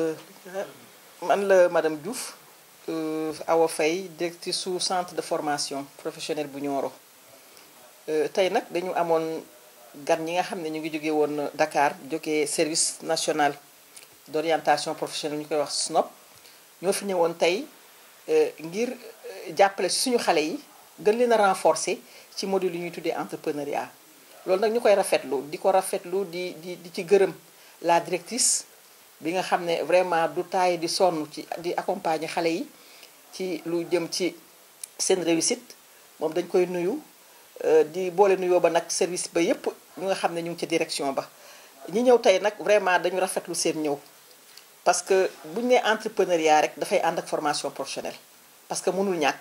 Euh, man la madame Diouf euh, Awa fay directrice sous centre de formation professionnelle bu euh tay nak dañu amone gan ñi nga xam ñu ngi jóge woon Dakar jógee service national d'orientation professionnelle ñu koy wax SNOP ñoo fi tay euh ngir euh, jappalé suñu xalé yi gën leen renforcer ci module ñuy tuddee entrepreneuriat lool nak ñukoy koy rafetlu di rafetlu di di ci gëreum la directrice bi nga vraiment du taay di son ci di accompagner xalé yi ci lu réussite mom dañ koy nuyu euh, di ba service ba yépp direction Nous, ñi vraiment parce que si né entrepreneuriat rek ak formation professionnelle parce que mënul ñak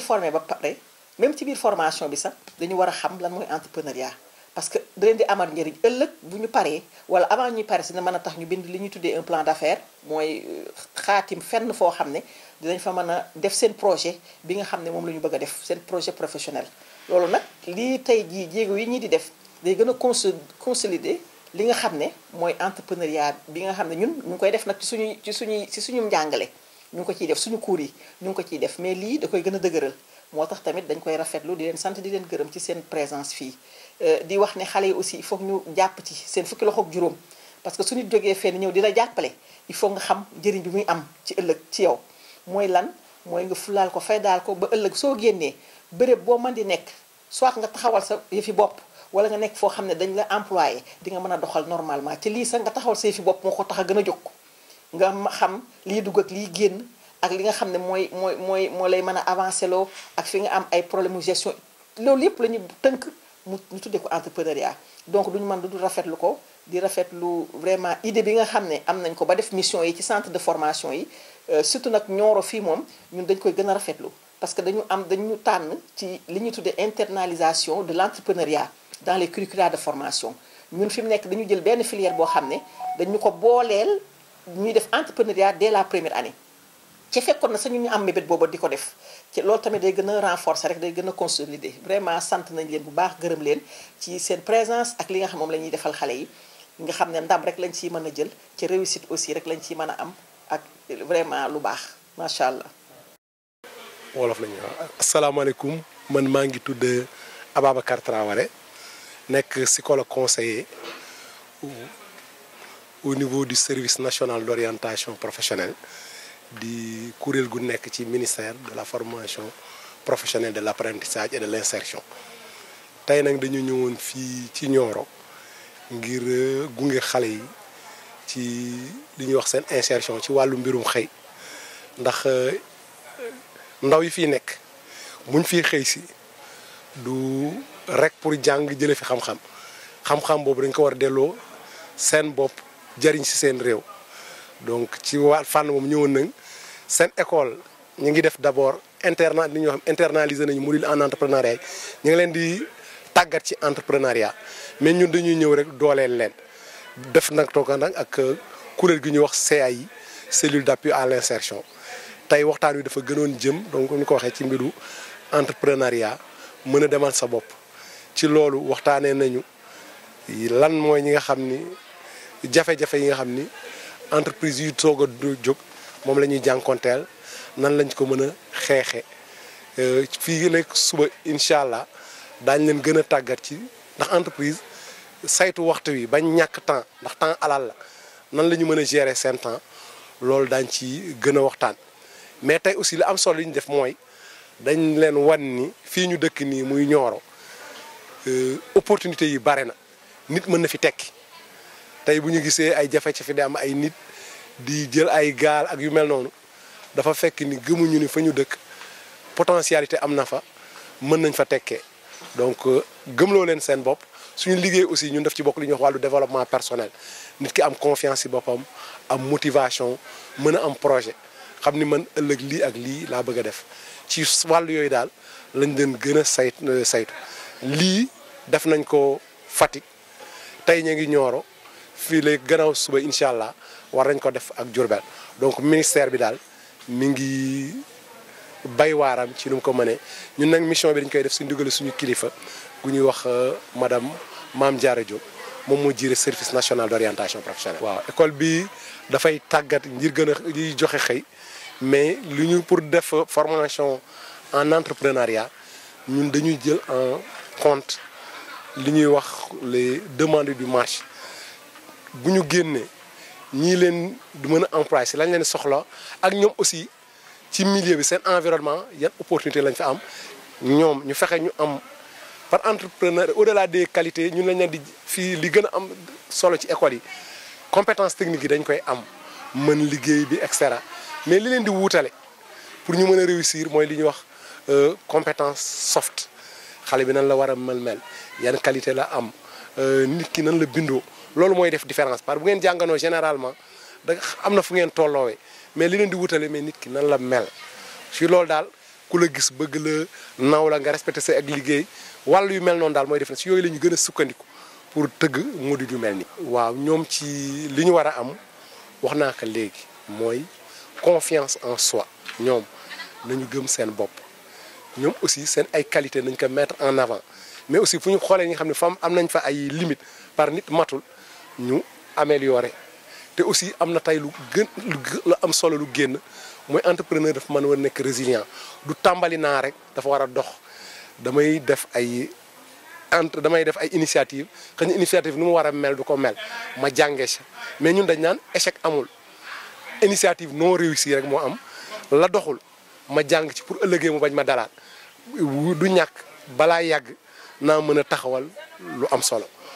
formé même ci biir formation bi sax dañu wara xam parce que da leen di amal njëriñ ëllëg bu ñu paree wala avant ñuy pare si na mën a tax ñu bind li ñuy tuddee un plan d'affaires mooy euh, xaatim fenn foo xam ne dinañ fa mën a def seen projet bi nga xam ne moom la ñu bëgg a def seen projet professionnel. loolu nag lii tey jii jéego yi ñi di def day gën a conso consolider li nga xam ne mooy entrepreneuriat bi nga xam ne ñun ñu ngi koy def nag ci suñuy ci suñuy ci suñu njàngale ñu ngi ko ciy def suñu cours yi ñu ngi ko ciy def mais lii da koy gën a dëgëral. moo tax tamit dañ koy rafetlu di leen sant di leen gërëm ci seen présence fii euh, di wax ne xale yi aussi il faut ñu jàpp ci seen fukki loxoog juróom parce que su nit jógee fenn ñëw dina jàppale il faut nga xam njëriñ bi muy am ci ëllëg ci yow mooy lan mooy nga fulaal ko fay daal ko ba ëllëg soo génnee béréb boo mën di nekk soit nga taxawal sa yëfi bopp wala nga nekk foo xam ne dañ la employé di nga mën a doxal normalement ci lii sa nga taxawal sa yëfi bopp moo ko tax a gën a jóg nga xam lii dugg ak lii génn ak li nga xam ne mooy mooy mooy moo lay mën a avancé loo ak fi nga am ay problème mu gestion loolu yëpp la ñu tënk mu ñu tuddee ko entrepreneuriat donc duñu ñu mën du rafetlu ko di rafetlu vraiment idée bi nga xam ne am nañ ko ba def mission yi ci centre de formation yi euh, surtout nag ñooro fii moom ñun dañ koy gën a rafetlu parce que dañu am dañu tànn ci li ñuy tuddee internalisation de l' entrepreneuriat dans les curricula de formation ñun fi mu nekk dañu jël benn filière boo xam ne dañu ko booleel ñuy def entrepreneuriat dès la première année ci fekkoon na sañu ñu am mébét booba di ko def ci loolu tamit day gën a renforcer rek day gën a consolider vraiment sant nañ leen bu baax gërëm leen ci seen présence ak li nga xam moom la ñuy defal xale yi nga xam ne ndam rek lañ ciy mën a jël ci réussite aussi rek lañ ciy mën a am ak vraiment lu baax macha allah. wolof la ñuy wax asalaamaaleykum man maa ngi tudd Ababacar Traoré nekk psychologue conseiller au niveau du service national d' orientation professionnelle. di kuréel gu nekk ci ministère de la formation professionnelle de l' apprentissage et de l' insertion tey nag dañu ñëwoon fii ci Nioro ngir euh, gunge xale yi ci li ñuy wax seen insertion ci wàllu mbirum xëy ndax euh, ndaw yi fii nekk buñ fii xëy si du rek pour jàng jële fi xam-xam xam-xam boobu dañ ko war a delloo seen bopp jariñ si seen réew donc ci waa fànn moom ñëwoon nañ seen école ñu ngi def d' abord internat li ñuy wax internaliser nañu module en entrepreneuriat ñu ngi leen di tàggat ci entrepreneuriat mais ñun dañuy ñëw rek dooleel leen def nag tooga nag ak euh, kuréel gi ñuy wax CAI cellule d' appui à l' insertion tey waxtaan wi dafa gënoon jëm donc ñu ko waxee ci mbiru entrepreneuriat mën a demal sa bopp ci loolu waxtaanee nañu lan mooy ñi nga xam ni jafe-jafe yi nga xam ni entreprise yu soog a jóg moom la ñuy jànkonteel nan lañ ko mën a xeexe euh, fii léegi suba incha allah daañ leen gën a tàggat ci ndax entreprise saytu waxtu wi bañ ñàkk temps ndax temps alal la nan la ñu mën a gérer seen temps loolu daañ ci gën a waxtaan mais tey aussi li am solo li ñu def mooy dañ leen wan ni fii ñu dëkk nii muy Nioro euh, opportunité yi bare na nit mën na fi tekki tey bu ñu gisee ay jafe-jafe di am ay nit di jël ay gaal ak yu mel noonu dafa fekk ni gëmuñu ni fa ñu dëkk potentialité am na fa mën nañ fa tekkee donc euh, gëm loo leen seen bopp suñu liggéey aussi ñun def ci bokk li ñuy wax wàllu développement personnel nit ki am confiance ci boppam am motivation mën a am projet xam ni man ëllëg lii ak lii laa bëgg a def ci wàllu yooyu daal lañ leen gën a sayt saytu lii def nañ ko Fatick tey ñu ngi Nioro fii lay gannaaw suba inshallah war nañ ko def ak Diourbel donc ministère bi dal mi ngi bay waram ci nu ko mëne ñun nak mission bi dañ koy def suñu duggale suñu kilifa gu ñuy wax euh, madame mam Diarra Diop moom moo service national d'orientation professionnelle. waaw école bi dafay tàggat ngir gën joxe xey mais lu ñu pour def formation en entrepreneuriat ñun dañuy jël en compte li ñuy wax les demandes du marché. bu ñu génnee ñii leen di mën a employé si lañ leen soxla ak ñoom aussi ci milieu bi seen environnement yan opportunité lañ fa am ñoom ñu fexe ñu am par entrepreneur au-delà des qualité ñun lañ leen di fii li gën a am solo ci école yi compétence technique yi dañ koy am mën liggéey bi et cetera mais li leen di wuutale pour ñu mën a réussir mooy li ñuy wax euh, compétence soft xale bi nan la war a mel-mel yan qualité la am euh, nit ki nan la bindoo loolu mooy def différence parce bu ngeen jànganoo généralement da am na fu ngeen tolloowee mais li leen di wutale mais nit ki nan la mel si loolu daal ku la gis bëgg la naw la nga respecté sa ak liggéey wàll yu mel noonu daal mooy def si yooyu la ñu gën a sukkandiku pour tëgg modi ju mel ni waaw ñoom ci li ñu war a am wax naa ko léegi mooy confiance en soi ñoom nañu gëm seen bopp ñoom aussi seen ay qualité nañ ko mettre en avant mais aussi fu ñu xoolee ñi nga xam ne fam am nañ fa ay limite par nit matul ñu améliorer te aussi am na tey lu gën lu am solo lu génn mooy entrepreneur dafa mën war nekk résilient du tàmbali naa rek dafa war a dox damay def ay entre damay def ay initiative xëy na nu mu war a mel du ko mel ma jàngee si mais ñun dañ naan échec amul initiative non réussie rek moo am la doxul ma jàng ci pour ëllëgee mu bañ ma dalaat du ñàkk balaa yàgg naa mën a taxawal lu am solo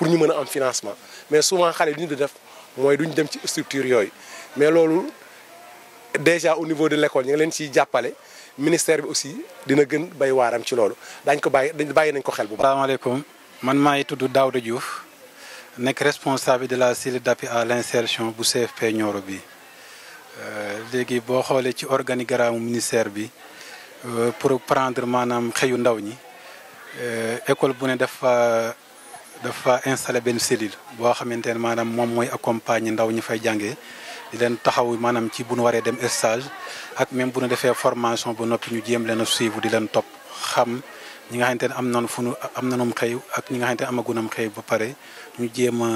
pour ñu mën en am financement mais souvent xale li ñu di def mooy duñ dem ci structure yooyu mais loolu déjà au niveau de l'école ñu ngi leen ciy jàppale ministère bi aussi dina gën bay waaram ci loolu daañ ko bàyyi dañ bàyyi nañ ko xel bu baax. asalaamaaleykum man maa ngi tudd Daouda Diouf responsable de la cellule d'appui à l'insertion bu CFP Nioro bi euh, léegi boo xoolee ci organigramme ministère bi euh, pour prendre maanaam xëyu ndaw ñi euh, école bu ne dafa installé benn cellule boo xamante ne maanaam moom mooy accompagner ndaw ñu fay jàngee di leen taxaw maanaam ci bu nu waree dem stage ak même bu nu defee formation ba noppi ñu jéem leen a suivre di leen topp xam ñi nga xamante ne am nañu fu nu am nañu xëy ak ñi nga xamante ne amagunam xëy ba pare ñu jéem a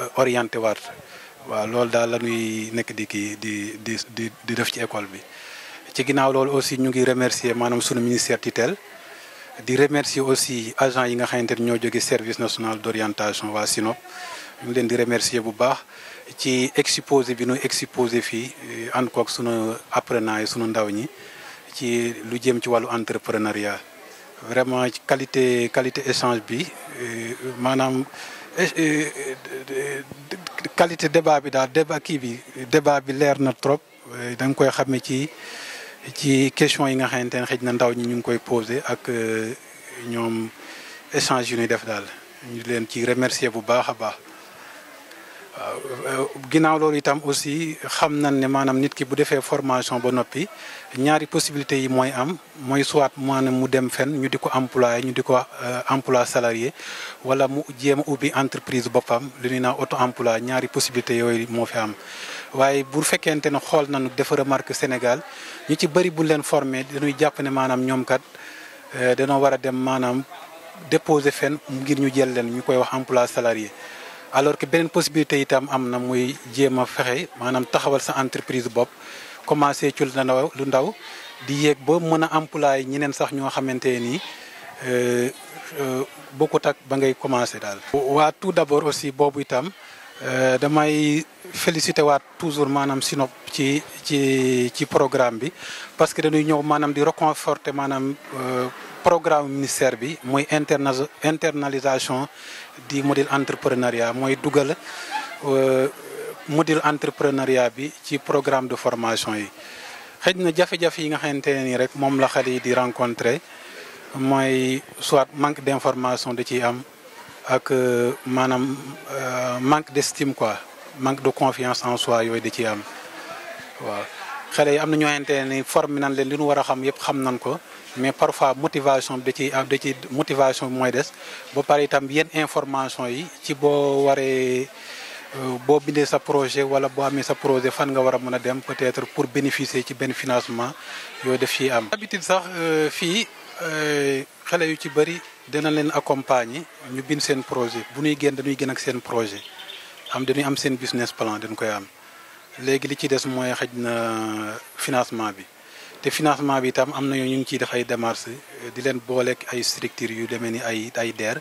euh, orienté waat waaw loolu daal la nekk di kii di di di di def ci école bi. ci ginnaaw loolu aussi ñu ngi remercier maanaam sunu ministère tutelle. di remercier aussi agents yi nga xamante ni ñoo jóge service national d'orientation waa SINOP ñu ngi leen di remercier bu baax ci exposé bi nu exposé fii eh, ànd koog sunu apprenant yi sunu ndaw ñi ci lu jëm ci wàllu entrepreneuriat vraiment ci qualité qualité échange bi eh, maanaam eh, qualité débat bi daal débat kii bi débat bi leer na trop da koy xamee ci ci question yi nga xamante ne xëj na ndaw ñi ñu ngi koy posé ak euh, ñoom échange yu ñuy def daal ñu leen ci remercier bu baax a baax waaw euh, ginnaaw loolu itam aussi xam nañ ne maanaam nit ki bu defee formation ba noppi ñaari possibilités yi mooy am mooy soit maanaam mu dem fen ñu di ko employé ñu di ko euh, emploi salarié wala mu jéem a ubbi entreprise boppam li ñuy naan auto emploi ñaari possibilités yooyu moo fi am waaye bu fekkente ne xool nañu dafa remarque Sénégal ñi ci bëri bu leen formé dañuy jàpp ne maanaam ñoom kat euh, danoo war a dem maanaam déposer fen ngir ñu jël leen ñu koy wax emploi salarié. alors que beneen possibilité itam am na muy jéem a fexe maanaam taxawal sa entreprise bopp commencé ci lu ndaw lu ndaw di yéeg ba mën a employé ñeneen sax ñoo xamante nii euh, euh, bokkut ak ba ngay commencé daal. waa tout d'abord aussi boobu itam damay. félicité toujours Mme Sinop ci ci ci programme bi parce que dañuy ñëw reconforté di reconforter manam euh, programme ministère bi moy internalisation du modèle entrepreneuriat moy dugal euh, modèle entrepreneuriat bi ci programme de formation yi. xejna jafé jafé yi nga xamante rek mom la di rencontrer moy soit manque d'information de ci am ak euh, manque d'estime quoi manque de confiance en soi yoy di ci am waaw. xale yi am na ñoo xamante ne nan leen li ñu war xam yépp xam nañ ko mais parfois motivation bi ci am da ci motivation moy dess des ba pare itam information yi ci bo waree. Euh, bo bindé sa projet wala bo amé sa projet fan nga wara mëna dem peut-être pour bénéficier ci ben financement yoy def ci am. d'habitude sax euh, fi euh, xale yu ci bëri dina leen accompagner ñu bind seen projet bu ñuy gën dañuy gën ak seen projet. am dañuy am seen business plan dañ koy am léegi li ci des mooy xaj na financement bi te financement bi itam am na ñu ngi ciy def ay démarches di leen booleek ay structures yu demee ni ay ay DER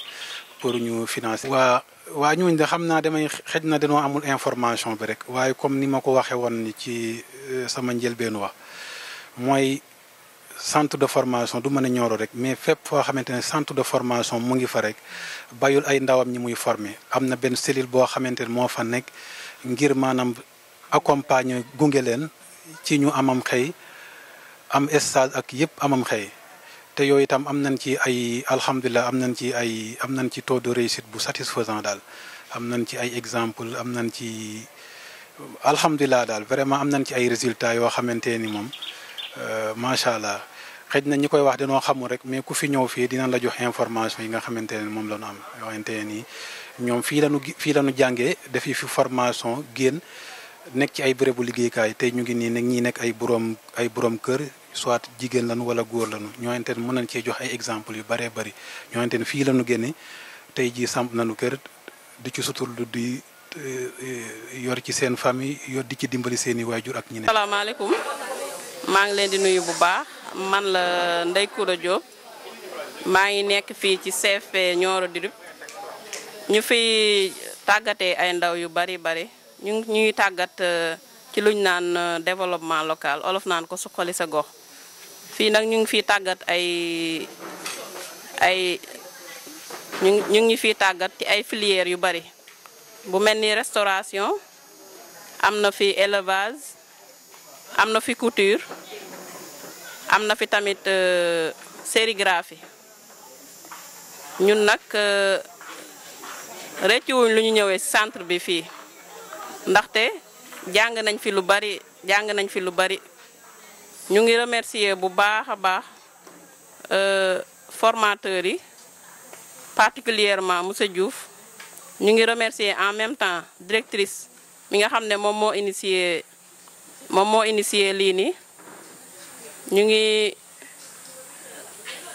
pour ñu financer. waa waa ñooñu de xam naa damay xej na dañoo amul information bi rek waaye comme ni ma ko waxee woon ci euh, sama njëlbeen wax mooy. centre de formation du mën a rek mais fépp fo xamantene centre de formation mu ngi fa rek bayul ay ndawam ñi muy former amna ben cellule bo xamantene mo fa nek ngir manam accompagner gunge ci ñu amam xey am stage ak yëpp amam xey te yooyu itam am nañ ci ay alhamdulilah am nañ ci ay am nañ ci taux de réussite bu satisfaisant dal am nañ ci ay exemple am nañ ci alhamdulilah dal vraiment am nañ ci ay résultats yo xamante mom Euh, macha allah xëj na ñi koy wax dañoo xamul rek mais ku fi ñëw fii dinañ la jox information yi nga xamante ne moom la ñu am yoo nii ñoom fii la ñu fii la jàngee defi fi formation génn nekk ci ay bérébu liggéeykaay tey ñu ngi nii nag ñi nekk ay borom ay borom kër soit jigéen lañu wala góor lañu ñoo xamante ne mën nañ cee jox ay exemple yu bëree bëri ñoo ne fii lanu ñu génne tey jii samp nañu kër di ci suturlu di eh, eh, yor ci seen famille yor di ci dimbali seen i waajur ak ñi ne. salaamaaleykum. maa ngi leen di nuyu bu baax man la Ndeye Coura Diop maa ngi nekk fii ci CFP Nioro du Rip ñu fi tàggatee ay ndaw yu bari bari ñu ñuy tàggat euh, ci luñ naan euh, développement locale olof naan ko suqali sa gox fii nag ñu ngi fiy tàggat ay ay ñu ñu ngi tàggat ci ay filières yu bari bu mel ni restauration am na fi élevage am na fi couture am na fi tamit euh, sérigraphie ñun nag euh, rëccuwuñ lu ñu ñëwee centre bi fii ndaxte jàng nañ fi lu bari jàng nañ fi lu bari ñu ngi remercier bu baax a baax euh, formateurs yi particulièrement monsieur Diouf ñu ngi remercier en même temps directrice mi nga xam ne moom moo moom moo initié lii nii ñu ngi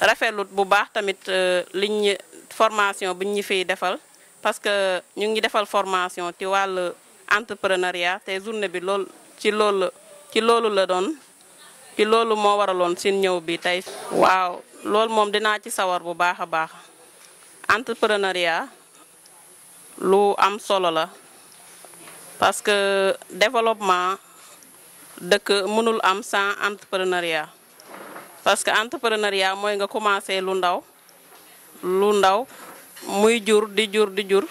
rafetlu bu baax tamit euh, liñ ñu formation biñ ñu fiy defal parce que ñu ngi defal formation ci wàll entrepreneuriat te journée bi lool ci loolu ci loolu la doon ci loolu moo waraloon seen ñëw bi tey. waaw loolu moom dinaa ci sawar bu baax a baax entrepreneuriat lu am solo la parce développement. dëkk mënul am sans entrepreneuriat parce que entrepreneuriat mooy nga commencé lu ndaw lu ndaw muy jur di jur di jur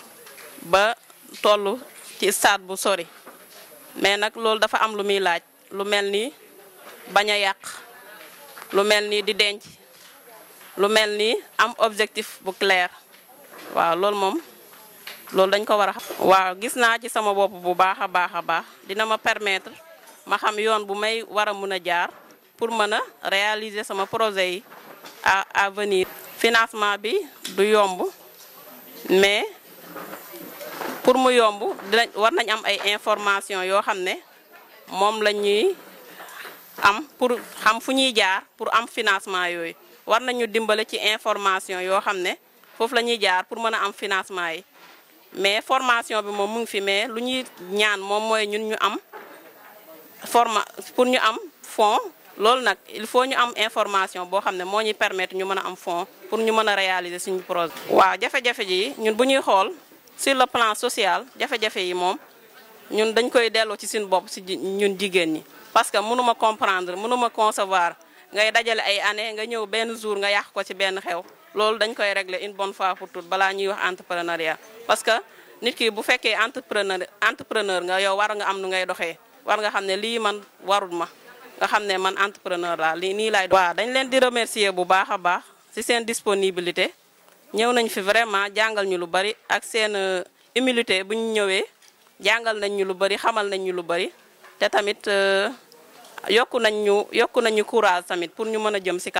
ba toll ci stade bu sori mais nag loolu dafa am lu muy laaj lu mel ni bañ lu mel di denc lu mel am objectif bu clair waaw loolu moom loolu dañ ko war a waaw gis naa ci sama bopp bu baax a baax a baax dina ma permettre ma xam yoon bu may war a mun a jaar pour mën a réaliser sama projet yi à à venir. financement bi du yomb mais pour mu yomb dinañ war nañ am ay information yoo xam ne moom la ñuy am pour xam fu ñuy jaar pour am financement yooyu war nañu dimbale ci information yoo xam ne foofu la ñuy jaar pour mën a am financement yi mais formation bi moom mu fi mais lu ñuy ñaan moom mooy ñun ñu am forma pour ñu am fond lool nak il faut ñu am information bo xamne mo ñi permettre ñu mëna am fond pour ñu mëna réaliser suñu projet. wa jafe-jafe ji ñun bu ñuy xol sur le plan social jafe-jafe yi mom ñun dañ koy délo ci suñu bop si ñun jigéen ñi parce que mënuma comprendre mënuma concevoir ngay dajale ay année nga ñëw ben jour nga yak ko ci ben xew lool dañ koy régler une bonne fois pour tout bala ñuy wax entrepreneuriat parce que nit ki bu fekkee entrepreneur entrepreneur nga yow war nga am nu ngay doxé war nga xam ne lii man warul ma nga xam ne man entrepreneur laa lii nii laay. waaw dañ leen di remercier bu baax a baax si seen disponibilité ñëw nañ fi vraiment jàngal ñu lu bari ak seen euh, humilité bu ñëwee jàngal nañ ñu lu bari xamal nañ ñu lu bari te tamit euh, yokku nañ ñu yokku nañ ñu courage tamit pour ñu mën a jëm ci